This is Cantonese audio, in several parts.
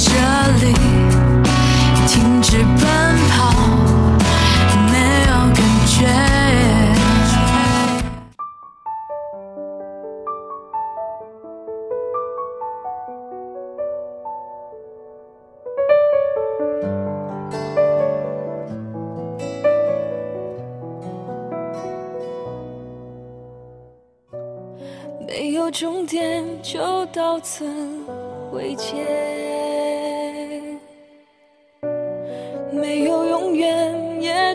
這裏停止奔跑，沒有感覺。沒有終點，就到此為結。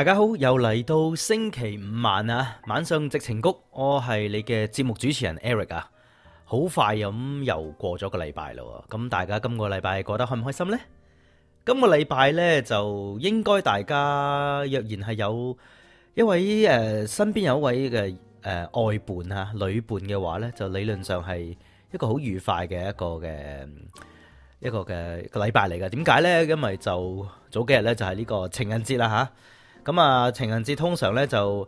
大家好，又嚟到星期五晚啊！晚上矽情谷，我係你嘅節目主持人 Eric 啊！好快咁又過咗個禮拜啦，咁大家今個禮拜過得開唔開心呢？今個禮拜呢，就應該大家若然係有一位誒、呃、身邊有一位嘅誒愛伴啊女伴嘅話呢，就理論上係一個好愉快嘅一個嘅一個嘅個，個禮拜嚟㗎。點解呢？因為就早幾日呢，就係、是、呢個情人節啦，吓。咁啊，情人節通常咧就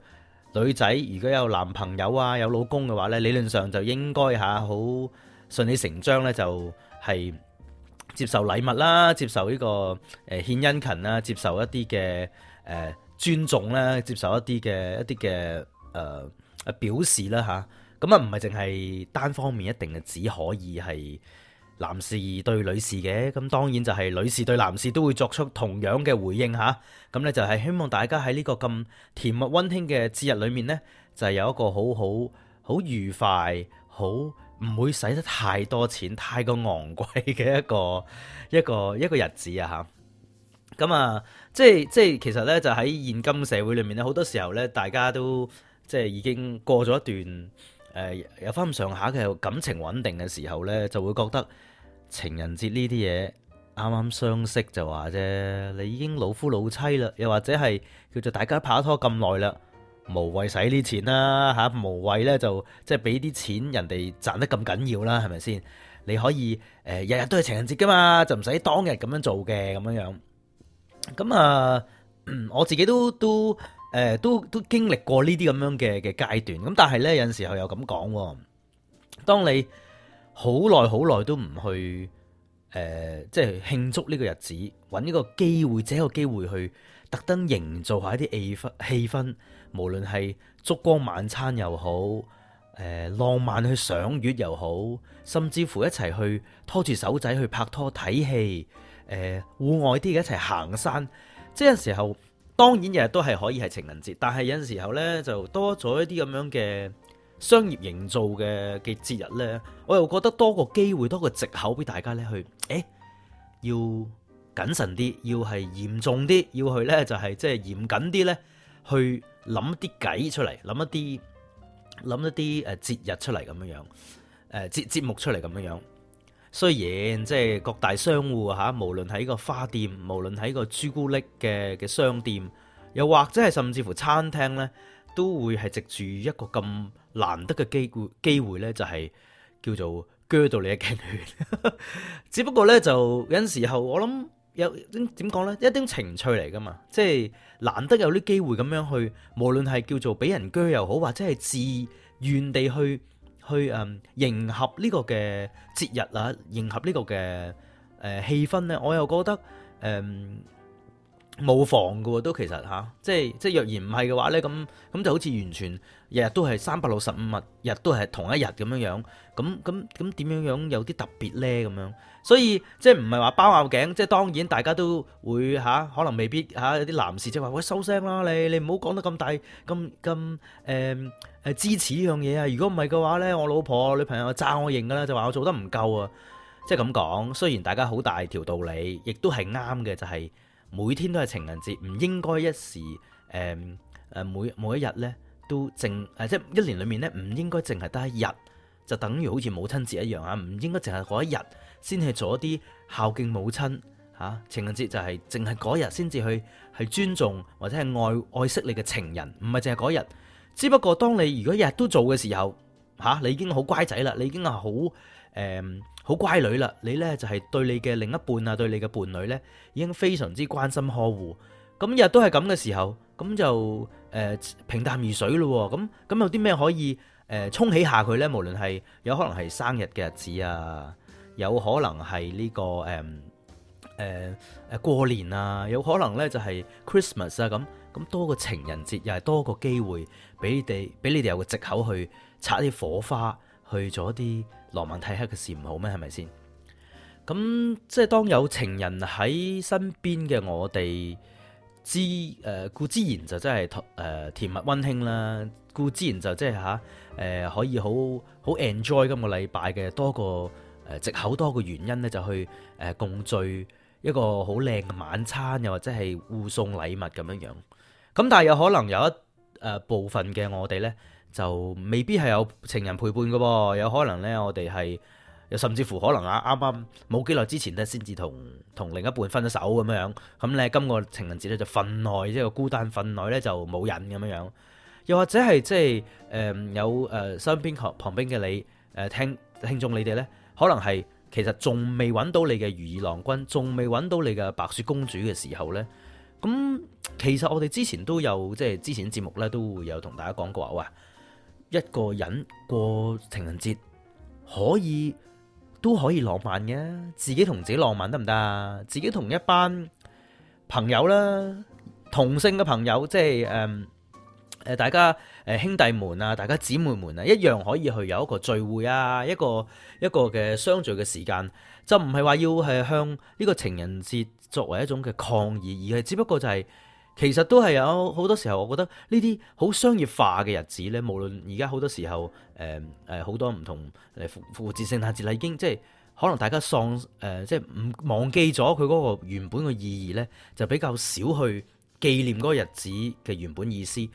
女仔，如果有男朋友啊、有老公嘅話咧，理論上就應該嚇好順理成章咧，就係接受禮物啦，接受呢個誒獻殷勤啦，接受一啲嘅誒尊重啦，接受一啲嘅一啲嘅誒誒表示啦吓，咁啊，唔係淨係單方面一定嘅，只可以係。男士對女士嘅，咁當然就係女士對男士都會作出同樣嘅回應吓。咁咧就係希望大家喺呢個咁甜蜜溫馨嘅節日裏面呢，就係有一個好好好愉快、好唔會使得太多錢、太過昂貴嘅一個一個一個日子啊！吓咁啊，即係即係其實呢，就喺現今社會裏面呢，好多時候呢，大家都即係已經過咗一段誒有返咁上下嘅感情穩定嘅時候呢，就會覺得。情人節呢啲嘢啱啱相識就話啫，你已經老夫老妻啦，又或者係叫做大家拍拖咁耐啦，無謂使呢錢啦嚇，無謂呢就即係俾啲錢人哋賺得咁緊要啦，係咪先？你可以誒日日都係情人節噶嘛，就唔使當日咁樣做嘅咁樣樣。咁啊、呃，我自己都都誒、呃、都都經歷過呢啲咁樣嘅嘅階段。咁但係呢，有時候又咁講，當你好耐好耐都唔去，呃，即係慶祝呢個日子，揾一個機會，借一個機會去特登營造下一啲氣氛，氣氛無論係燭光晚餐又好、呃，浪漫去賞月又好，甚至乎一齊去拖住手仔去拍拖睇戲，誒、呃、戶外啲嘅一齊行山，即係有時候當然日日都係可以係情人節，但係有陣時候呢，就多咗一啲咁樣嘅。商業營造嘅嘅節日呢，我又覺得多個機會，多個藉口俾大家呢去，誒、欸、要謹慎啲，要係嚴重啲，要去呢，就係即係嚴謹啲呢，去諗啲計出嚟，諗一啲諗一啲誒節日出嚟咁樣樣，誒節節目出嚟咁樣樣。雖然即係各大商戶吓，無論喺個花店，無論喺個朱古力嘅嘅商店，又或者係甚至乎餐廳呢，都會係藉住一個咁。難得嘅機機會咧，就係、是、叫做鋸到你一頸血， 只不過咧就有陣時候，我諗有，有點點講咧，一定情趣嚟噶嘛。即、就、係、是、難得有啲機會咁樣去，無論係叫做俾人鋸又好，或者係自願地去去誒迎合呢個嘅節日啊，迎合呢個嘅誒、呃、氣氛咧，我又覺得誒冇妨噶，都其實吓、啊，即係即係若然唔係嘅話咧，咁咁就好似完全。日日都係三百六十五日，日都係同一日咁樣樣。咁咁咁點樣樣有啲特別呢？咁樣，所以即係唔係話包拗頸，即係當然大家都會嚇，可能未必嚇、啊、有啲男士即係話，喂，收聲啦，你你唔好講得咁大咁咁誒誒支持呢樣嘢啊！如果唔係嘅話呢，我老婆我女朋友詐我認噶啦，就話我做得唔夠啊。即係咁講，雖然大家好大條道理，亦都係啱嘅，就係、是、每天都係情人節，唔應該一時誒誒、呃、每每一日呢。都淨誒，即一年裏面咧，唔應該淨係得一日，就等於好似母親節一樣啊，唔應該淨係嗰一日先去做一啲孝敬母親吓，情人節就係淨係嗰日先至去係尊重或者係愛愛惜你嘅情人，唔係淨係嗰日。只不過當你如果日日都做嘅時候，吓你已經好乖仔啦，你已經係好誒好乖女啦，你呢，就係、是、對你嘅另一半啊，對你嘅伴侶呢，已經非常之關心呵護。咁日都係咁嘅時候，咁就。誒平淡如水咯喎，咁咁有啲咩可以誒、呃、沖起下佢咧？無論係有可能係生日嘅日子啊，有可能係呢、呢個誒誒誒過年啊，有可能咧就係 Christmas 啊，咁咁多個情人節又係多個機會俾你哋俾你哋有個藉口去擦啲火花，去做啲羅曼蒂克嘅事唔好咩？係咪先？咁即係當有情人喺身邊嘅我哋。之誒固之然就真係誒甜蜜溫馨啦，固之然就即係嚇誒可以好好 enjoy 今個禮拜嘅多個誒藉口多個原因咧，就去誒共聚一個好靚嘅晚餐，又或者係互送禮物咁樣樣。咁但係有可能有一誒部分嘅我哋咧，就未必係有情人陪伴嘅喎，有可能咧我哋係。又甚至乎可能啊，啱啱冇幾耐之前咧，先至同同另一半分咗手咁樣樣。咁咧，今個情人節咧就份內即係孤單，份內咧就冇人咁樣樣。又或者係即係誒，有誒身邊旁旁邊嘅你誒，聽聽眾你哋咧，可能係其實仲未揾到你嘅如意郎君，仲未揾到你嘅白雪公主嘅時候咧。咁其實我哋之前都有即係之前節目咧，都會有同大家講過話，喂，一個人過情人節可以。都可以浪漫嘅，自己同自己浪漫得唔得啊？自己同一班朋友啦，同性嘅朋友，即係誒誒，大家誒兄弟們啊，大家姊妹們啊，一樣可以去有一個聚會啊，一個一個嘅相聚嘅時間，就唔係話要係向呢個情人節作為一種嘅抗議，而係只不過就係、是。其實都係有好多，多時候，我覺得呢啲好商業化嘅日子咧，無論而家好多時候，誒誒好多唔同誒復復活節聖誕節啦，已經即係可能大家喪誒、呃，即係唔忘記咗佢嗰個原本嘅意義咧，就比較少去紀念嗰個日子嘅原本意思，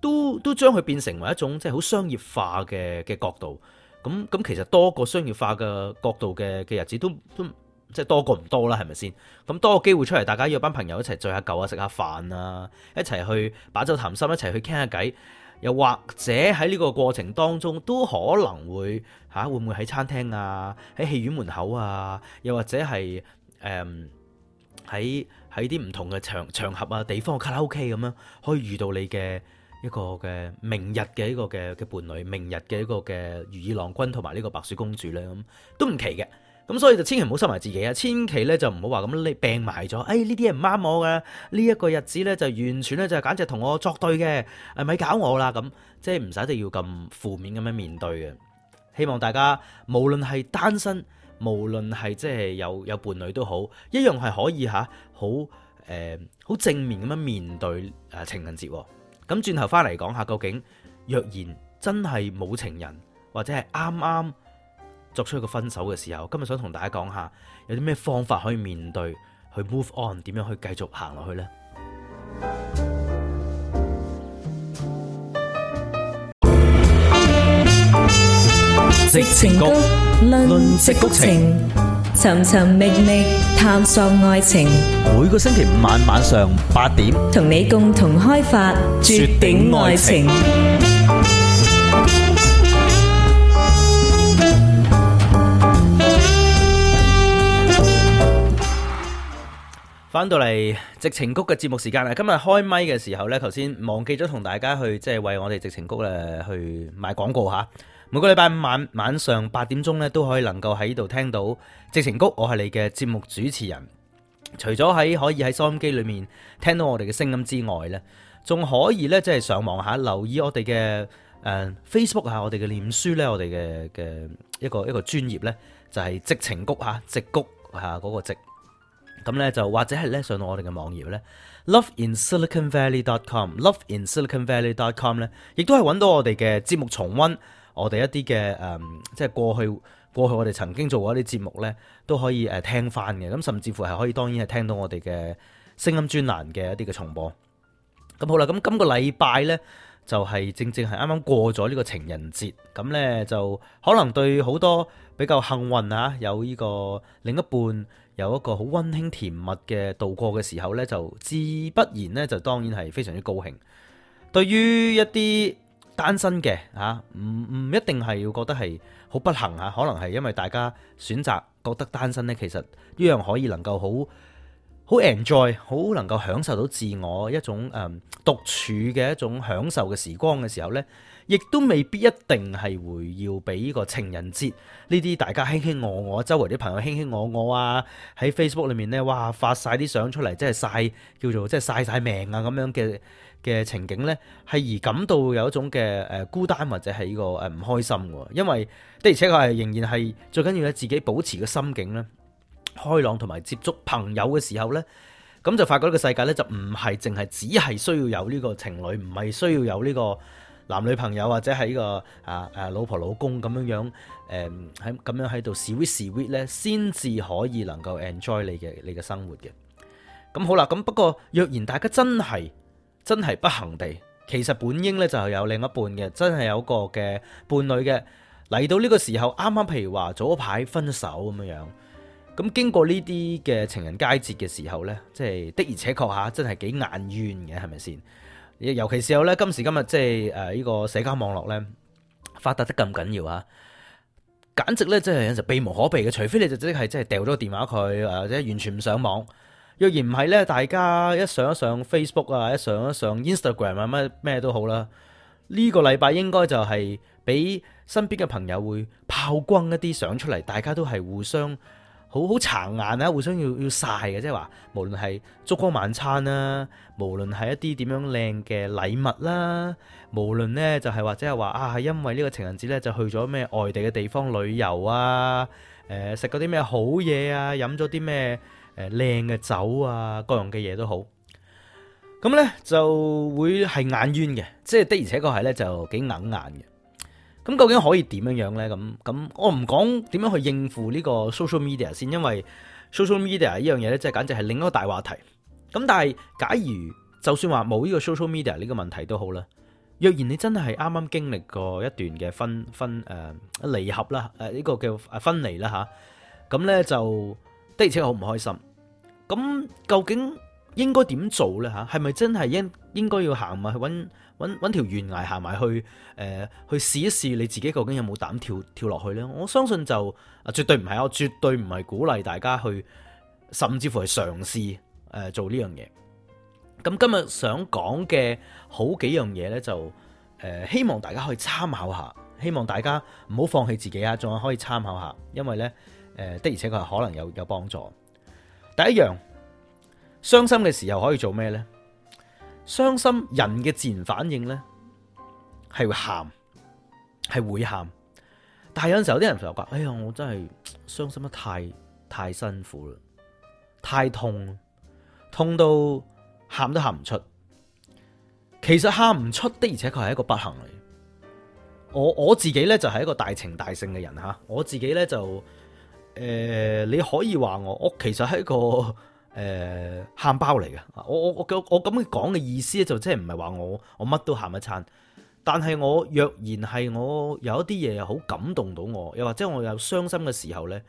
都都將佢變成為一種即係好商業化嘅嘅角度。咁、嗯、咁、嗯、其實多個商業化嘅角度嘅嘅日子都都。即係多過唔多啦，係咪先？咁多個機會出嚟，大家約班朋友一齊聚下舊啊，食下飯啊，一齊去把酒談心，一齊去傾下偈。又或者喺呢個過程當中，都可能會嚇、啊，會唔會喺餐廳啊，喺戲院門口啊，又或者係誒喺喺啲唔同嘅場場合啊地方卡拉 OK 咁樣，可以遇到你嘅一個嘅明日嘅一個嘅嘅伴侶，明日嘅一個嘅如意郎君，同埋呢個白雪公主咧，咁都唔奇嘅。咁所以就千祈唔好收埋自己啊！千祈咧就唔好話咁你病埋咗，哎呢啲嘢唔啱我噶，呢一個日子咧就完全咧就係簡直同我作對嘅，係咪搞我啦？咁即係唔使一定要咁負面咁樣面對嘅。希望大家無論係單身，無論係即係有有伴侶都好，一樣係可以吓好誒好正面咁樣面對誒情人節。咁轉頭翻嚟講下，究竟若然真係冇情人，或者係啱啱？作出一個分手嘅時候，今日想同大家講下，有啲咩方法可以面對，去 move on，點樣去繼續行落去呢？矽情谷，論矽谷情，尋尋覓覓探索愛情。每個星期五晚晚上八點，同你共同開發絕頂愛情。翻到嚟矽情谷嘅節目時間啦，今日開咪嘅時候呢，頭先忘記咗同大家去即係為我哋矽情谷咧去賣廣告吓。每個禮拜五晚晚上八點鐘呢，都可以能夠喺度聽到矽情谷，我係你嘅節目主持人。除咗喺可以喺收音機裏面聽到我哋嘅聲音之外呢，仲可以呢，即係上網下留意我哋嘅誒 Facebook 下我哋嘅臉書呢，我哋嘅嘅一個一個專頁呢就係矽情谷吓，矽谷吓嗰、那個矽。咁咧就或者係咧上到我哋嘅網頁咧，loveinSiliconValley.com，loveinSiliconValley.com 咧，亦都係揾到我哋嘅節目重溫，我哋一啲嘅誒，即係過去過去我哋曾經做過一啲節目咧，都可以誒聽翻嘅。咁甚至乎係可以，當然係聽到我哋嘅聲音專欄嘅一啲嘅重播。咁好啦，咁今個禮拜咧就係正正係啱啱過咗呢個情人節，咁咧就可能對好多比較幸運啊，有呢個另一半。有一個好溫馨甜蜜嘅度過嘅時候呢，就自不然呢，就當然係非常之高興。對於一啲單身嘅嚇，唔唔一定係要覺得係好不幸嚇，可能係因為大家選擇覺得單身呢，其實一樣可以能夠好好 enjoy，好能夠享受到自我一種誒獨處嘅一種享受嘅時光嘅時候呢。亦都未必一定係會要俾呢個情人節呢啲大家卿卿我我，周圍啲朋友卿卿我我啊，喺 Facebook 裏面呢，哇發晒啲相出嚟，即係晒叫做即係晒晒命啊咁樣嘅嘅情景呢，係而感到有一種嘅誒孤單或者係呢個誒唔開心嘅，因為的而且確係仍然係最緊要咧，自己保持個心境咧開朗同埋接觸朋友嘅時候呢，咁就發覺呢個世界呢，就唔係淨係只係需要有呢個情侶，唔係需要有呢個。男女朋友或者係呢個啊誒老婆老公咁樣、嗯、這樣誒喺咁樣喺度 sweet sweet 咧，先至可以能夠 enjoy 你嘅你嘅生活嘅。咁好啦，咁不過若然大家真係真係不幸地，其實本應咧就係有另一半嘅，真係有一個嘅伴侶嘅嚟到呢個時候，啱啱譬如話早一排分手咁樣樣，咁經過呢啲嘅情人佳節嘅時候咧，即係的而且確吓，真係幾眼冤嘅，係咪先？尤其是有咧，今時今日即係誒，呢個社交網絡咧發達得咁緊要啊，簡直咧真係有陣避無可避嘅。除非你就即係即係掉咗個電話佢，或者完全唔上網。若然唔係咧，大家一上一上 Facebook 啊，一上一上 Instagram 啊，乜咩都好啦。呢、呢個禮拜應該就係俾身邊嘅朋友會曝光一啲相出嚟，大家都係互相。好好殘眼啊！互相要要曬嘅，即係話，無論係燭光晚餐啦，無論係一啲點樣靚嘅禮物啦，無論呢就係或者係話啊，係因為呢個情人節呢，就去咗咩外地嘅地方旅遊啊，誒食嗰啲咩好嘢啊，飲咗啲咩誒靚嘅酒啊，各樣嘅嘢都好，咁呢就會係眼冤嘅，即係的而且確係呢，就，的的就幾硬眼嘅。咁究竟可以點樣樣呢？咁咁我唔講點樣去應付呢個 social media 先，因為 social media 呢樣嘢咧，即係簡直係另一個大話題。咁但係假如就算話冇呢個 social media 呢個問題都好啦，若然你真係啱啱經歷過一段嘅分分、誒離、呃、合啦，誒、呃、呢、呢個叫分離啦吓，咁、啊、呢就的而且確好唔開心。咁究竟應該點做呢？吓？係咪真係應應該要行埋去揾？揾揾條懸崖行埋去，誒、呃、去試一試你自己究竟有冇膽跳跳落去呢？我相信就啊，絕對唔係，我絕對唔係鼓勵大家去，甚至乎係嘗試誒、呃、做呢樣嘢。咁今日想講嘅好幾樣嘢呢，就誒、呃、希望大家可以參考下，希望大家唔好放棄自己啊，仲可以參考下，因為呢誒、呃、的而且確係可能有有幫助。第一樣，傷心嘅時候可以做咩呢？傷心人嘅自然反應咧係會喊，係會喊，但係有陣時候有啲人就話：哎呀，我真係傷心得太太辛苦啦，太痛，痛到喊都喊唔出。其實喊唔出的，而且佢係一個不幸嚟。我我自己咧就係、是、一個大情大性嘅人吓，我自己咧就，誒、呃，你可以話我，我其實係一個。誒，喊、呃、包嚟嘅，我我我咁樣講嘅意思咧，就即係唔係話我我乜都喊一餐，但係我若然係我有一啲嘢好感動到我，又或者我有傷心嘅時候呢，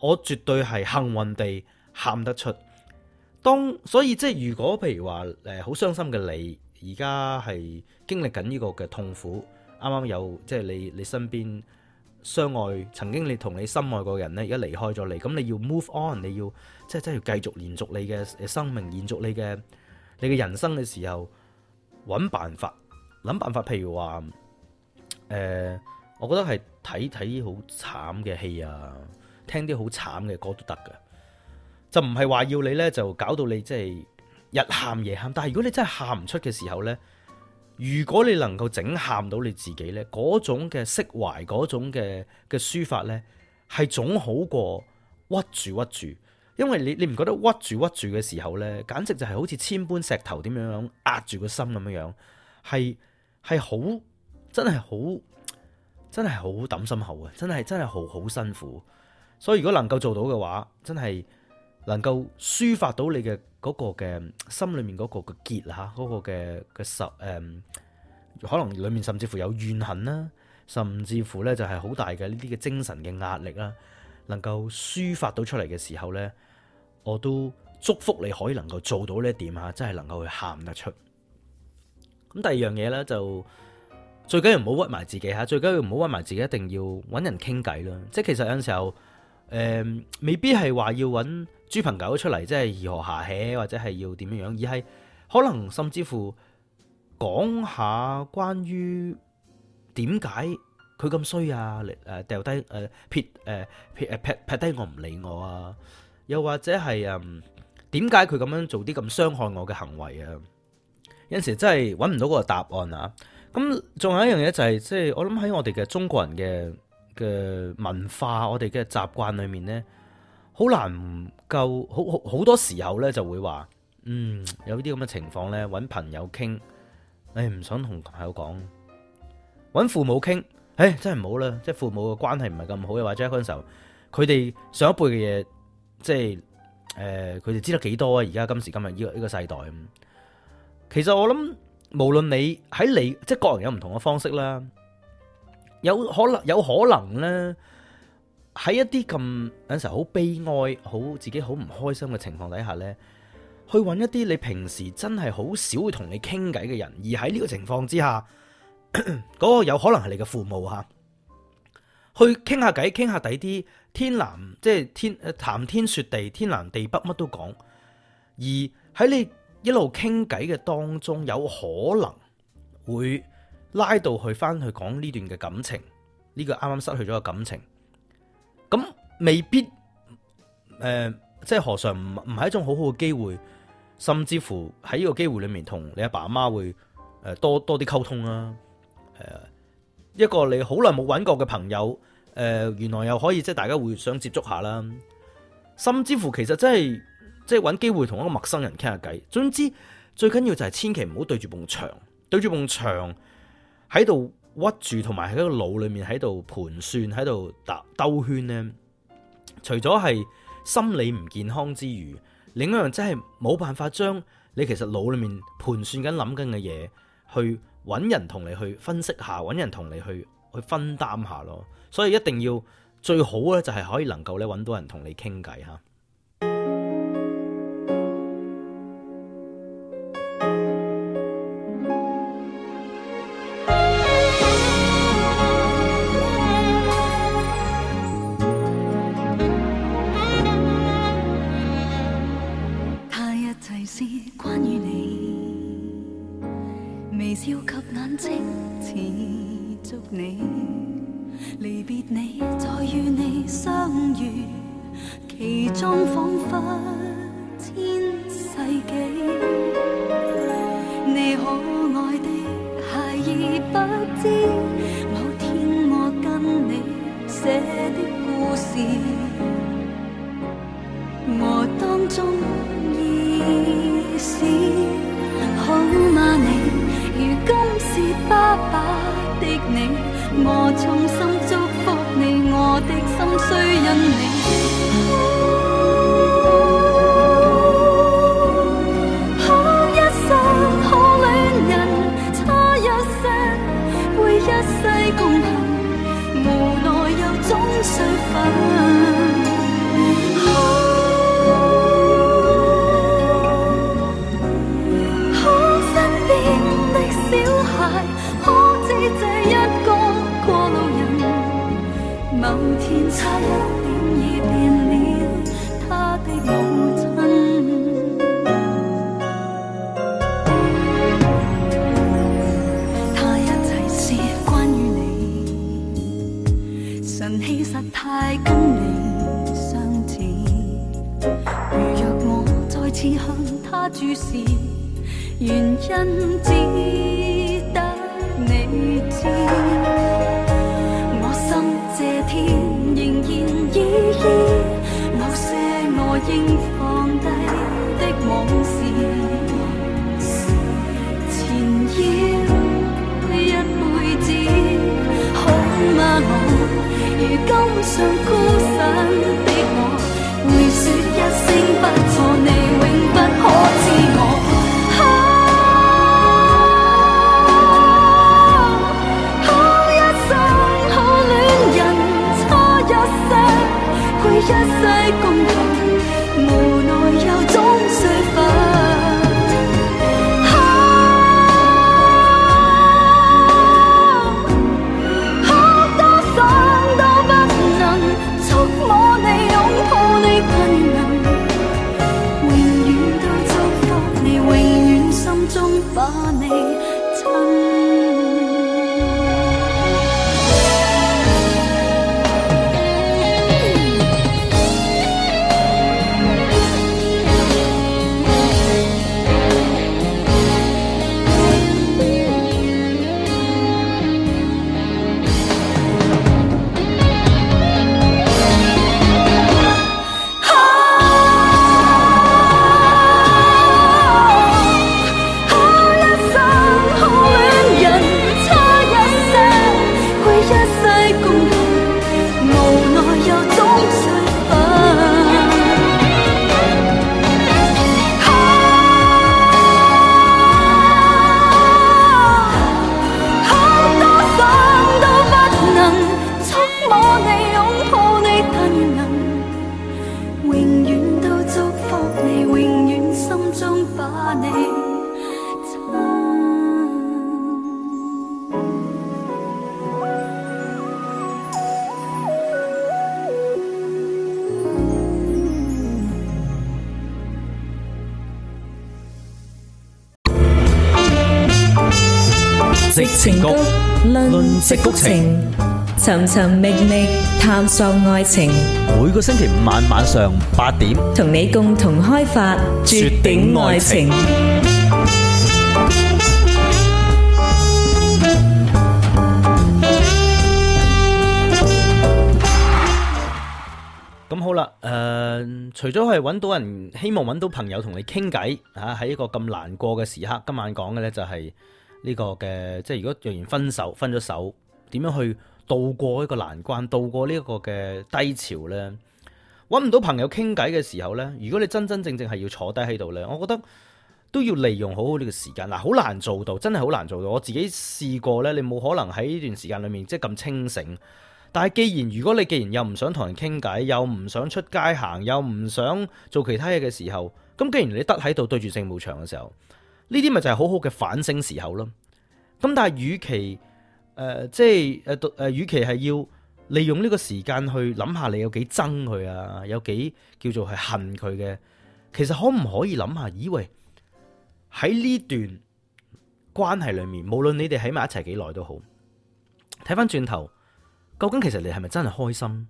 我絕對係幸運地喊得出。當所以即係如果譬如話誒，好傷心嘅你而家係經歷緊呢個嘅痛苦，啱啱有即係、即係、你你身邊。相愛曾經，你同你心愛個人咧，而家離開咗你，咁你要 move on，你要即係真要繼續延續你嘅生命，延續你嘅你嘅人生嘅時候，揾辦法，諗辦法，譬如話，誒、呃，我覺得係睇睇好慘嘅戲啊，聽啲好慘嘅歌都得㗎，就唔係話要你咧就搞到你即係日喊夜喊，但係如果你真係喊唔出嘅時候咧。如果你能夠整喊到你自己呢，嗰種嘅釋懷，嗰種嘅嘅抒發咧，係總好過屈住屈住，因為你你唔覺得屈住屈住嘅時候呢，簡直就係好似千般石頭咁樣咁壓住個心咁樣樣，係係好真係好真係好揼心口啊！真係真係好好辛苦，所以如果能夠做到嘅話，真係能夠抒發到你嘅。嗰個嘅心裏面嗰個嘅結嚇，嗰、那個嘅嘅十誒，可能裡面甚至乎有怨恨啦，甚至乎咧就係好大嘅呢啲嘅精神嘅壓力啦，能夠抒發到出嚟嘅時候咧，我都祝福你可以能夠做到呢一點嚇，真係能夠去喊得出。咁第二樣嘢咧就最緊要唔好屈埋自己嚇，最緊要唔好屈埋自己，一定要搵人傾偈啦。即係其實有陣時候誒、嗯，未必係話要搵。豬朋狗出嚟，即係如何下氣，或者係要點樣樣？而係可能甚至乎講下關於點解佢咁衰啊？嚟掉低誒撇誒、呃、撇誒、呃、撇、呃、撇低我唔理我啊！又、呃呃呃呃呃呃、或者係嗯點解佢咁樣做啲咁傷害我嘅行為啊？有陣時真係揾唔到個答案啊！咁仲有一樣嘢就係、是、即係我諗喺我哋嘅中國人嘅嘅文化、我哋嘅習慣裏面咧。好難夠好好好多時候咧，就會話，嗯，有呢啲咁嘅情況咧，揾朋友傾，誒唔想同朋友講，揾父母傾，誒真係唔好啦，即係父母嘅關係唔係咁好嘅話，即係嗰陣時候，佢哋上一輩嘅嘢，即係誒佢哋知得幾多啊？而家今時今日呢個呢個世代，其實我諗，無論你喺你即係個人有唔同嘅方式啦，有可能有可能咧。喺一啲咁有時候好悲哀、好自己好唔開心嘅情況底下呢，去揾一啲你平時真係好少會同你傾偈嘅人，而喺呢個情況之下，嗰個有可能係你嘅父母吓，去傾下偈，傾下底啲天南即係天誒談天說地、天南地北乜都講，而喺你一路傾偈嘅當中，有可能會拉到去返去講呢段嘅感情，呢個啱啱失去咗嘅感情。咁未必誒、呃，即係何嘗唔唔係一種好好嘅機會？甚至乎喺呢個機會裏面爸爸媽媽會，同你阿爸阿媽會誒多多啲溝通啦、啊。一個你好耐冇揾過嘅朋友，誒、呃，原來又可以即係大家會想接觸下啦。甚至乎其實真係即係揾機會同一個陌生人傾下偈。總之最緊要就係千祈唔好對住埲牆，對住埲牆喺度。屈住同埋喺個腦裏面喺度，盤算喺度兜圈呢，除咗係心理唔健康之餘，另一樣真係冇辦法將你其實腦裏面盤算緊諗緊嘅嘢，去揾人同你去分析下，揾人同你去去分擔下咯。所以一定要最好咧，就係可以能夠揾到人同你傾偈吓。矽情谷，尋尋覓覓探索愛情。每個星期五晚晚上八點，同你共同開發絕頂愛情。咁好啦，誒，除咗係搵到人，希望搵到朋友同你傾偈吓，喺一個咁難過嘅時刻，今晚講嘅呢就係呢個嘅，即係如果突然分手，分咗手。點樣去渡過一個難關，渡過呢一個嘅低潮呢？揾唔到朋友傾偈嘅時候呢，如果你真真正正係要坐低喺度呢，我覺得都要利用好好呢個時間。嗱，好難做到，真係好難做到。我自己試過呢，你冇可能喺呢段時間裏面即係咁清醒。但係既然如果你既然又唔想同人傾偈，又唔想出街行，又唔想做其他嘢嘅時候，咁既然你得喺度對住四幅牆嘅時候，呢啲咪就係好好嘅反省時候咯。咁但係與其。誒、呃，即係誒，讀、呃、誒，與、呃、其係要利用呢個時間去諗下你有幾憎佢啊，有幾叫做係恨佢嘅，其實可唔可以諗下？以為喺呢段關係裏面，無論你哋喺埋一齊幾耐都好，睇翻轉頭，究竟其實你係咪真係開心？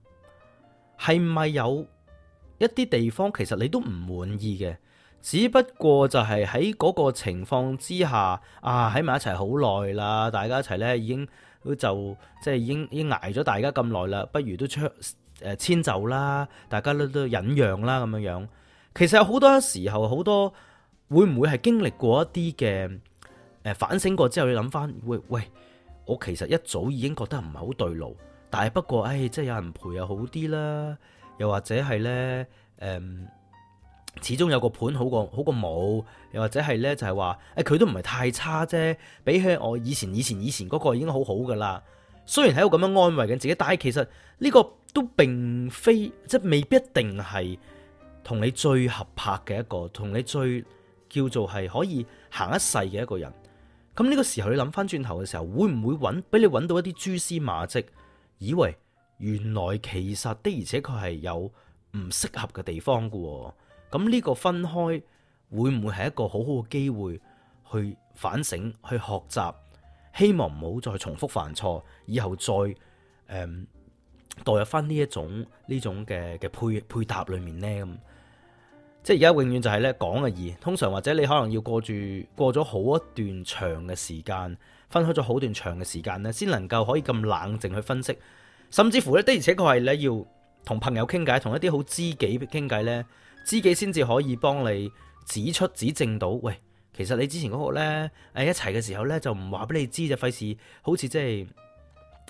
係唔係有一啲地方其實你都唔滿意嘅？只不過就係喺嗰個情況之下啊，喺埋一齊好耐啦，大家一齊咧，已經就即係已經已經捱咗大家咁耐啦，不如都出誒遷就啦，大家都都忍讓啦咁樣樣。其實有好多時候，好多會唔會係經歷過一啲嘅誒反省過之後，你諗翻，喂喂，我其實一早已經覺得唔係好對路，但係不過唉，即、哎、係有人陪又好啲啦，又或者係咧誒。嗯。始終有個盤好過好過冇，又或者係呢，就係話誒，佢、哎、都唔係太差啫。比起我以前、以前、以前嗰個，已經好好噶啦。雖然喺度咁樣安慰緊自己，但係其實呢個都並非即係未必一定係同你最合拍嘅一個，同你最叫做係可以行一世嘅一個人。咁呢個時候你諗翻轉頭嘅時候，會唔會揾俾你揾到一啲蛛絲馬跡，以為原來其實的而且確係有唔適合嘅地方噶，哦。咁呢個分開會唔會係一個好好嘅機會去反省、去學習？希望唔好再重複犯錯，以後再誒代、嗯、入翻呢一種呢種嘅嘅配配搭裡面呢？咁。即係而家永遠就係咧講嘅意，通常或者你可能要過住過咗好一段長嘅時間，分開咗好段長嘅時間咧，先能夠可以咁冷靜去分析，甚至乎呢的而且確係你要同朋友傾偈，同一啲好知己傾偈呢。知己先至可以幫你指出指正到，喂，其實你之前嗰個咧，一齊嘅時候呢，就唔話俾你知就費事，好似即係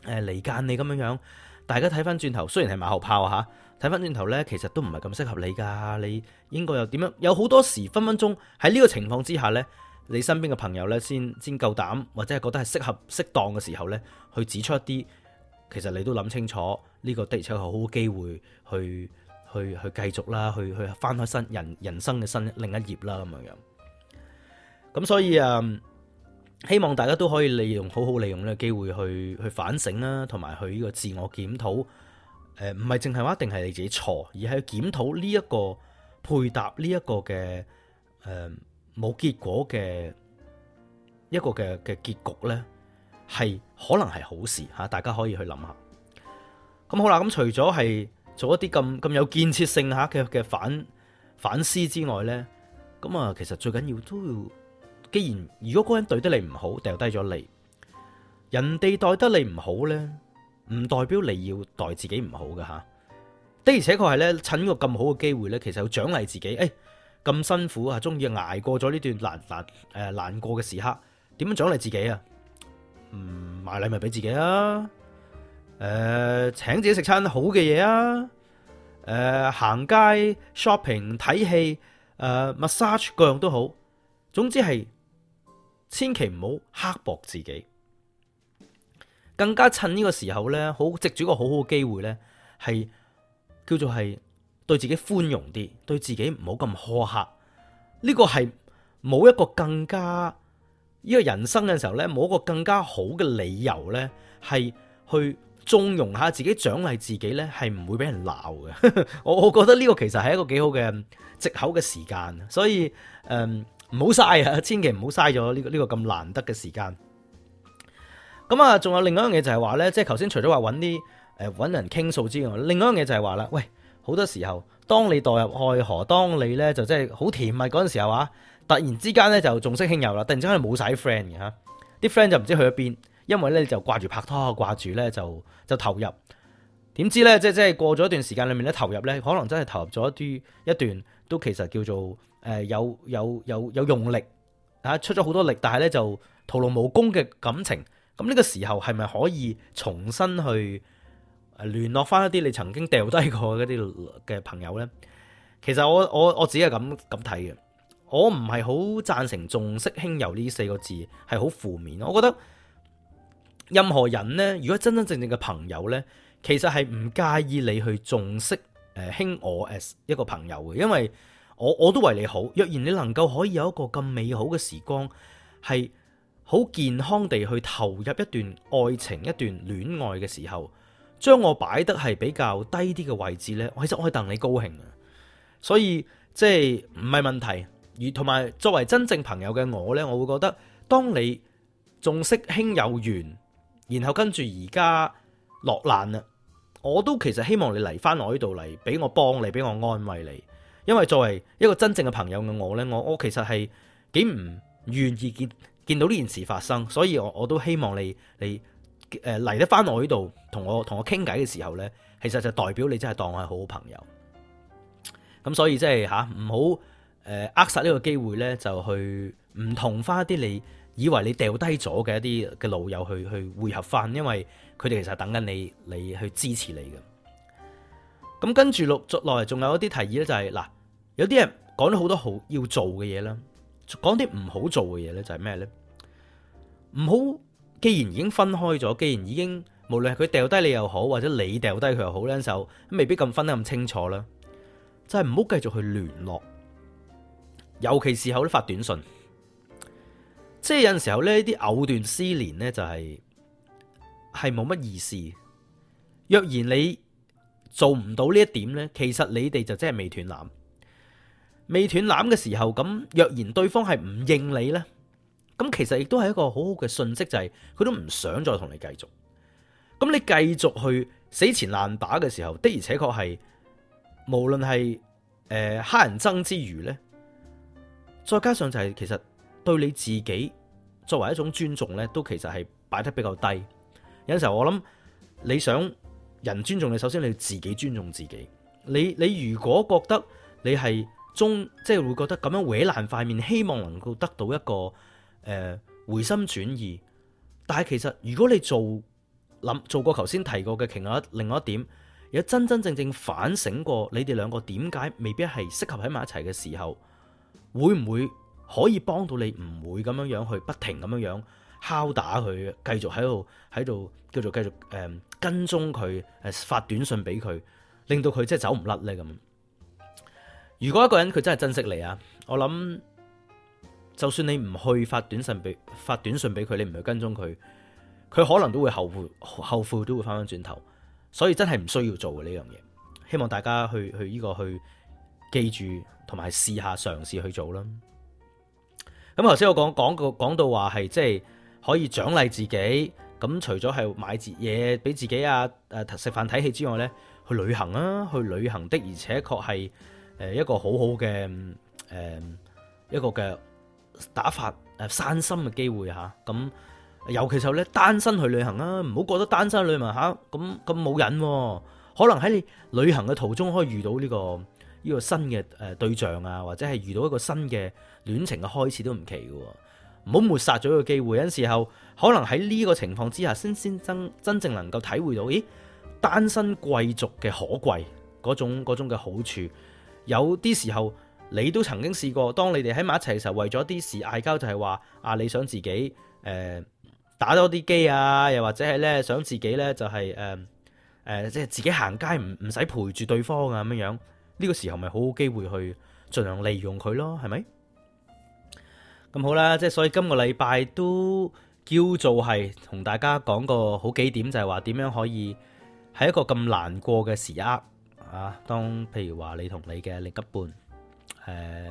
誒離間你咁樣樣。大家睇翻轉頭，雖然係馬後炮嚇，睇翻轉頭呢，其實都唔係咁適合你噶。你應該又點樣？有好多時分分鐘喺呢個情況之下呢，你身邊嘅朋友呢，先先夠膽或者係覺得係適合適當嘅時候呢，去指出一啲，其實你都諗清楚呢個的確係好好機會去。去去繼續啦，去去翻開新人人生嘅新另一頁啦，咁樣樣。咁所以誒、嗯，希望大家都可以利用好好利用呢個機會去去反省啦，同埋去呢個自我檢討。誒、呃，唔係淨係話一定係你自己錯，而係去檢討呢、這個呃、一個配搭呢一個嘅誒冇結果嘅一個嘅嘅結局咧，係可能係好事吓、啊，大家可以去諗下。咁好啦，咁除咗係。做一啲咁咁有建設性下嘅嘅反反思之外咧，咁啊，其實最緊要都要，既然如果嗰人對得你唔好，掉低咗你，人哋待得你唔好咧，唔代表你要待自己唔好㗎吓。的而且確係咧，趁個咁好嘅機會咧，其實要獎勵自己。誒、欸，咁辛苦啊，中意捱過咗呢段難難誒、呃、難過嘅時刻，點樣獎勵自己啊？嗯，買禮物俾自己啊！誒、呃，請自己食餐好嘅嘢啊！誒、呃，行街 shopping 睇戲，誒、呃，massage 各樣都好，總之係千祈唔好刻薄自己，更加趁呢個時候咧，好藉住個好好嘅機會咧，係叫做係對自己寬容啲，對自己唔好咁苛刻。呢、這個係冇一個更加呢、這個人生嘅時候咧，冇一個更加好嘅理由咧，係去。縱容下自己，獎勵自己咧，係唔會俾人鬧嘅。我我覺得呢個其實係一個幾好嘅藉口嘅時間，所以誒，唔好嘥啊，千祈唔好嘥咗呢個呢個咁難得嘅時間。咁啊，仲有另外一樣嘢就係話咧，即係頭先除咗話揾啲誒揾人傾訴之外，另外一樣嘢就係話啦，喂，好多時候，當你墮入愛河，當你咧就真係好甜蜜嗰陣時候啊，突然之間咧就重色輕友啦，突然之間冇晒 friend 嘅嚇，啲 friend 就唔知去咗邊。因為咧，就掛住拍拖，掛住咧就就投入。點知咧，即即係過咗一段時間，裏面咧投入咧，可能真係投入咗一啲一段，都其實叫做誒、呃、有有有有用力吓出咗好多力，但係咧就徒勞無功嘅感情。咁、這、呢個時候係咪可以重新去聯絡翻一啲你曾經掉低過嗰一啲嘅朋友咧？其實我我我自己係咁咁睇嘅，我唔係好贊成重色輕友呢四個字係好負面，我覺得。任何人呢，如果真真正正嘅朋友呢，其實，係唔介意你去重色誒、呃、輕我 as 一個朋友嘅，因為我我都為你好。若然你能夠可以有一個咁美好嘅時光，係好健康地去投入一段愛情，一段戀愛嘅時候，將我擺得係比較低啲嘅位置咧，我其實我可以戥你高興。所以即係唔係問題，而同埋作為真正朋友嘅我呢，我會覺得當你重色輕有緣。然後跟住而家落難啦，我都其實希望你嚟翻我呢度嚟，俾我幫你，俾我安慰你，因為作為一個真正嘅朋友嘅我呢，我我其實係幾唔願意見見到呢件事發生，所以我我都希望你你誒嚟得翻我呢度，同我同我傾偈嘅時候呢，其實就代表你真係當我係好好朋友，咁所以即係吓唔好誒扼殺呢個機會呢，就去唔同翻啲你。以為你掉低咗嘅一啲嘅老友去去匯合翻，因為佢哋其實等緊你，你去支持你嘅。咁跟住陸續落嚟，仲有一啲提議咧、就是，就係嗱，有啲人講咗好多好要做嘅嘢啦，講啲唔好做嘅嘢咧，就係咩咧？唔好，既然已經分開咗，既然已經無論係佢掉低你又好，或者你掉低佢又好，呢手都未必咁分得咁清楚啦，就係唔好繼續去聯絡，尤其事後都發短信。即係有陣時候呢啲藕斷絲連呢、就是，就係係冇乜意思。若然你做唔到呢一點呢，其實你哋就真係未斷纜。未斷纜嘅時候，咁若然對方係唔應你呢，咁其實亦都係一個好好嘅訊息，就係、是、佢都唔想再同你繼續。咁你繼續去死纏爛打嘅時候，的而且確係無論係誒黑人憎之餘呢，再加上就係其實。對你自己作為一種尊重呢，都其實係擺得比較低。有時候我諗，你想人尊重你，首先你要自己尊重自己。你你如果覺得你係中，即係會覺得咁樣搲爛塊面，希望能夠得到一個誒回心轉意。但係其實如果你做諗做過頭先提過嘅其另外一點，有真真正正反省過你哋兩個點解未必係適合喺埋一齊嘅時候，會唔會？可以幫到你，唔會咁樣樣去不停咁樣樣敲打佢，繼續喺度喺度叫做繼續誒、嗯、跟蹤佢，發短信俾佢，令到佢即係走唔甩咧咁。如果一個人佢真係珍惜你啊，我諗就算你唔去發短信俾發短信俾佢，你唔去跟蹤佢，佢可能都會後悔後悔都會翻返轉頭。所以真係唔需要做呢樣嘢。希望大家去去依、呢個去記住同埋試下嘗試去做啦。咁頭先我講到講到話係即係可以獎勵自己，咁除咗係買字嘢俾自己啊，食飯睇戲之外咧，去旅行啊，去旅行的而且確係一個好好嘅一個嘅打發誒散心嘅機會嚇。咁尤其是咧單身去旅行啊，唔好覺得單身旅行嚇咁咁冇癮，可能喺你旅行嘅途中可以遇到呢個。呢個新嘅誒對象啊，或者係遇到一個新嘅戀情嘅開始都唔奇嘅喎，唔好抹殺咗個機會。有陣時候，可能喺呢個情況之下，先先真真正能夠體會到，咦，單身貴族嘅可貴嗰種嗰種嘅好處。有啲時候，你都曾經試過，當你哋喺埋一齊嘅時候，為咗啲事嗌交，就係話啊，你想自己誒打多啲機啊，又或者係咧想自己咧就係誒誒，即係自己行街唔唔使陪住對方啊咁樣。呢個時候咪好好機會去盡量利用佢咯，係咪？咁好啦，即係所以今個禮拜都叫做係同大家講個好幾點，就係話點樣可以喺一個咁難過嘅時刻啊，當譬如話你同你嘅另一半誒、啊、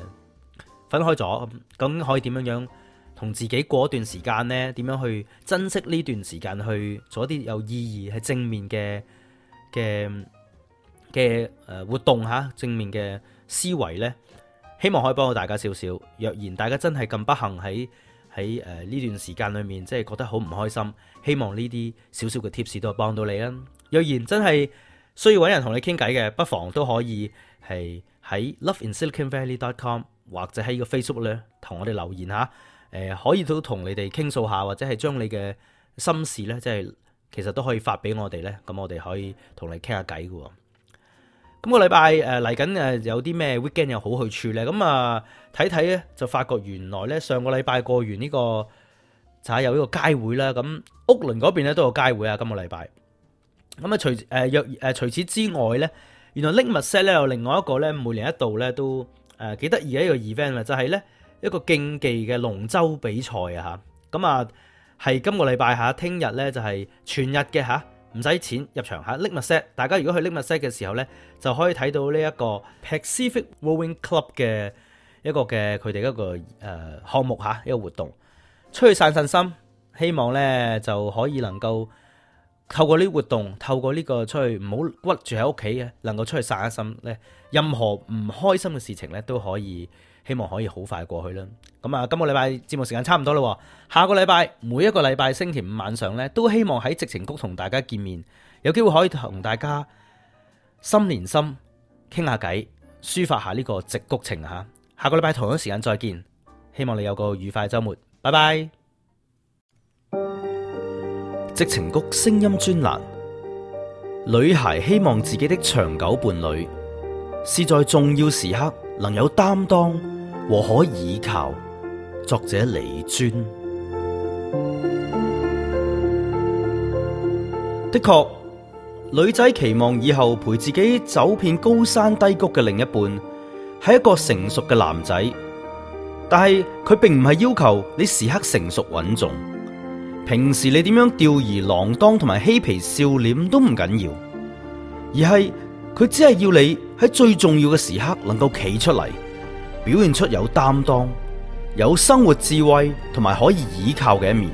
分開咗咁，可以點樣樣同自己過一段時間呢？點樣去珍惜呢段時間，去做一啲有意義係正面嘅嘅的嘅誒活動嚇，正面嘅思維咧，希望可以幫到大家少少。若然大家真係咁不幸喺喺誒呢段時間裏面，即係覺得好唔開心，希望呢啲少少嘅 tips 都可以幫到你啊！若然真係需要搵人同你傾偈嘅，不妨都可以係喺 loveinsiliconvalley.com 或者喺個 Facebook 咧，同我哋留言嚇。誒、呃、可以都同你哋傾訴下，或者係將你嘅心事咧，即係其實都可以發俾我哋咧，咁我哋可以同你傾下偈嘅。咁個禮拜誒嚟緊誒有啲咩 weekend 有好去處咧？咁啊睇睇咧就發覺原來咧上個禮拜過完呢、這個就是、有呢個街會啦。咁屋倫嗰邊咧都有街會啊。今個禮拜咁啊除誒約誒除此之外咧，原來 m 物 set 咧有另外一個咧每年一度咧都誒幾得意一個 event、就是、啊，就係咧一個競技嘅龍舟比賽啊吓。咁啊係今個禮拜下聽日咧就係、是、全日嘅吓。啊唔使錢入場嚇，拎物 set。大家如果去拎物 set 嘅時候咧，就可以睇到呢一個 Pacific Rowing Club 嘅一個嘅佢哋一個誒項目嚇，一個活動。出去散散心，希望咧就可以能夠透過呢活動，透過呢個出去唔好屈住喺屋企能夠出去散下心咧。任何唔開心嘅事情咧都可以。希望可以好快過去啦。咁啊，今個禮拜節目時間差唔多啦。下個禮拜，每一個禮拜星期五晚上咧，都希望喺矽情谷同大家見面，有機會可以同大家心連心傾下偈，抒發下呢個矽谷情吓。下個禮拜同一時間再見。希望你有個愉快周末，拜拜。矽情谷聲音專欄，女孩希望自己的長久伴侶是在重要時刻能有擔當，和可以依靠，作者李尊。的確，女仔期望以後陪自己走遍高山低谷嘅另一半，係一個成熟嘅男仔。但係佢並唔係要求你時刻成熟穩重，平時你點樣吊兒郎當同埋嬉皮笑臉都唔緊要，而係佢只係要你喺最重要嘅時刻能夠企出嚟，表現出有擔當、有生活智慧同埋可以倚靠嘅一面，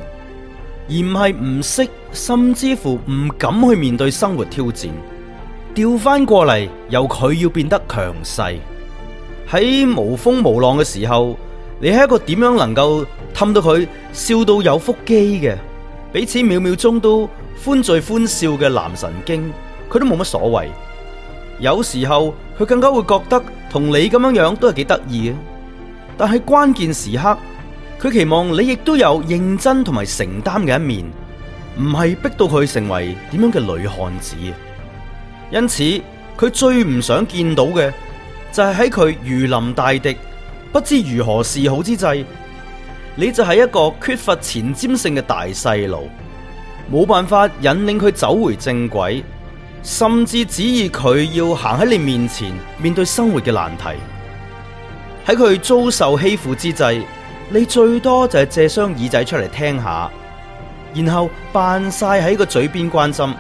而唔係唔識，甚至乎唔敢去面對生活挑戰。調翻過嚟，由佢要變得強勢。喺無風無浪嘅時候，你係一個點樣能夠氹到佢笑到有腹肌嘅，彼此秒秒鐘都歡聚歡笑嘅男神經，佢都冇乜所謂。有時候，佢更加會覺得。同你咁樣樣都係幾得意嘅，但係關鍵時刻，佢期望你亦都有認真同埋承擔嘅一面，唔係逼到佢成為點樣嘅女漢子。因此，佢最唔想見到嘅就係喺佢如臨大敵、不知如何是好之際，你就係一個缺乏前瞻性嘅大細路，冇辦法引領佢走回正軌。甚至旨意佢要行喺你面前，面對生活嘅難題。喺佢遭受欺負之際，你最多就係借雙耳仔出嚟聽下，然後扮晒喺個嘴邊關心。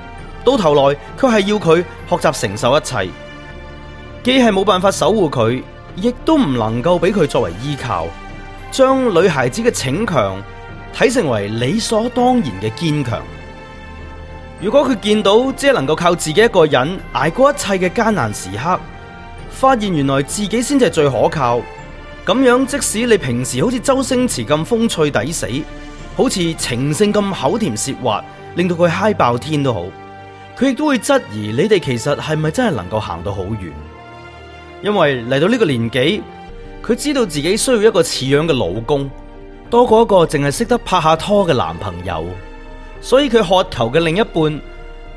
到頭來，佢係要佢學習承受一切，既係冇辦法守護佢，亦都唔能夠俾佢作為依靠，將女孩子嘅逞強睇成為理所當然嘅堅強。如果佢見到只係能夠靠自己一個人挨過一切嘅艱難時刻，發現原來自己先至最可靠，咁樣即使你平時好似周星馳咁風趣抵死，好似情聖咁口甜舌滑，令到佢嗨爆天都好，佢亦都會質疑你哋其實係咪真係能夠行到好遠？因為嚟到呢個年紀，佢知道自己需要一個似樣嘅老公，多過一個淨係識得拍下拖嘅男朋友。所以佢渴求嘅另一半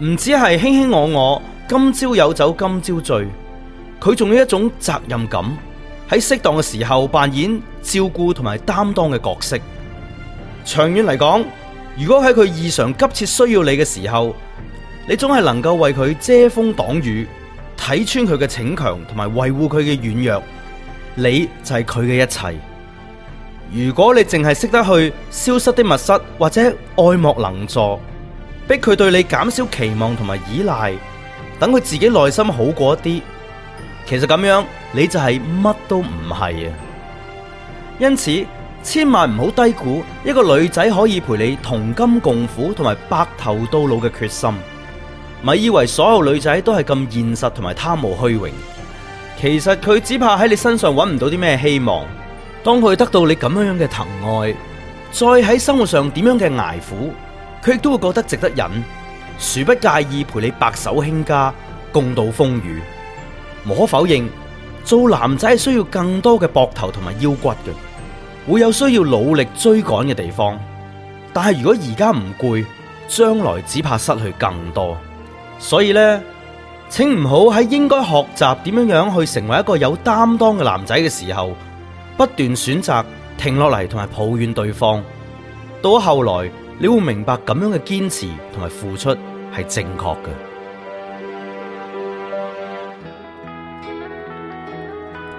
唔止係卿卿我我，今朝有酒今朝醉，佢仲有一種責任感，喺適當嘅時候扮演照顧同埋擔當嘅角色。長遠嚟講，如果喺佢異常急切需要你嘅時候，你總係能夠為佢遮風擋雨，睇穿佢嘅逞強同埋維護佢嘅軟弱，你就係佢嘅一切。如果你淨係識得去消失的密室，或者愛莫能助，逼佢對你減少期望同埋依賴，等佢自己內心好過一啲，其實咁樣你就係乜都唔係啊！因此，千萬唔好低估一個女仔可以陪你同甘共苦同埋白頭到老嘅決心，咪以為所有女仔都係咁現實同埋貪慕虛榮，其實佢只怕喺你身上揾唔到啲咩希望。當佢得到你咁樣樣嘅疼愛，再喺生活上點樣嘅捱苦，佢亦都會覺得值得忍，殊不介意陪你白手興家，共度風雨。無可否認，做男仔係需要更多嘅膊頭同埋腰骨嘅，會有需要努力追趕嘅地方。但係如果而家唔攰，將來只怕失去更多。所以呢，請唔好喺應該學習點樣樣去成為一個有擔當嘅男仔嘅時候。不斷選擇停落嚟同埋抱怨對方，到後來你會明白咁樣嘅堅持同埋付出係正確嘅。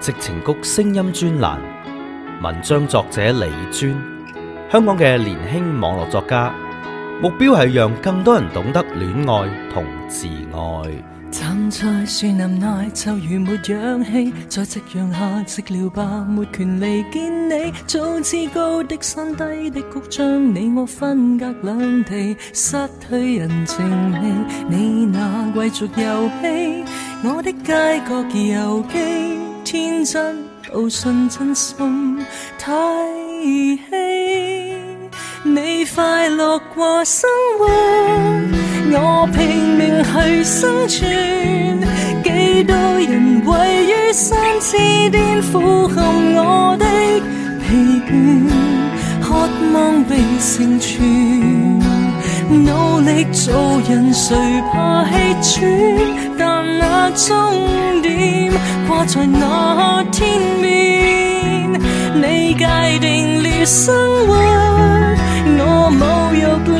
矽情谷聲音專欄文章作者李尊，香港嘅年輕網絡作家，目標係讓更多人懂得戀愛同自愛。站在樹林內，就如沒氧氣，在夕陽下寂寥吧，沒權利見你。早知高的山低的谷，將你我分隔兩地，失去人情味。你那貴族遊戲，我的街角遊戲，天真到信真心太兒戲。你快樂過生活。嗯我拼命去生存，幾多人位於山之巔，俯瞰我的疲倦，渴望被成全。努力做人，誰怕氣喘？但那終點掛在那天邊，你界定了生活，我無欲。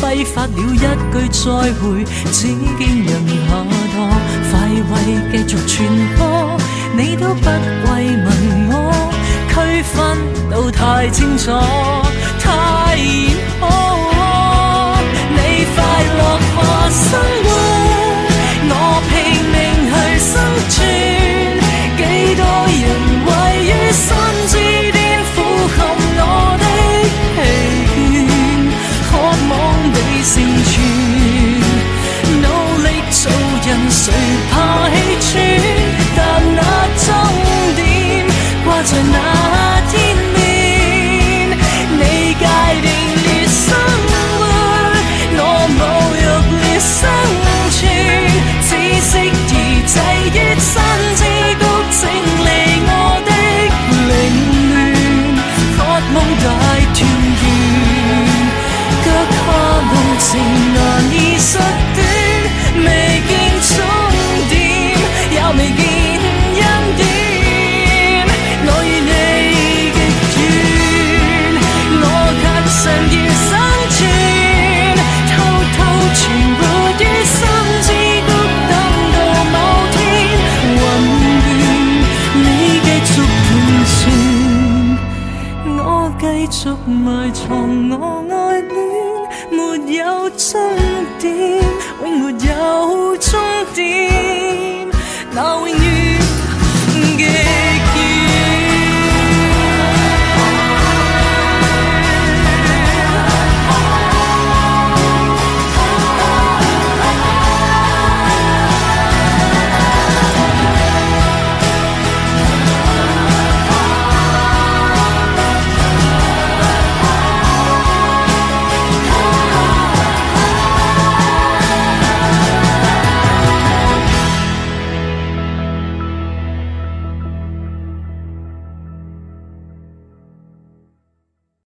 揮發了一句再會，只見人下多快慰繼續傳播，你都不慰問我，區分到太清楚，太嚴苛。你快樂過生活，我拼命去生存。誰怕氣喘？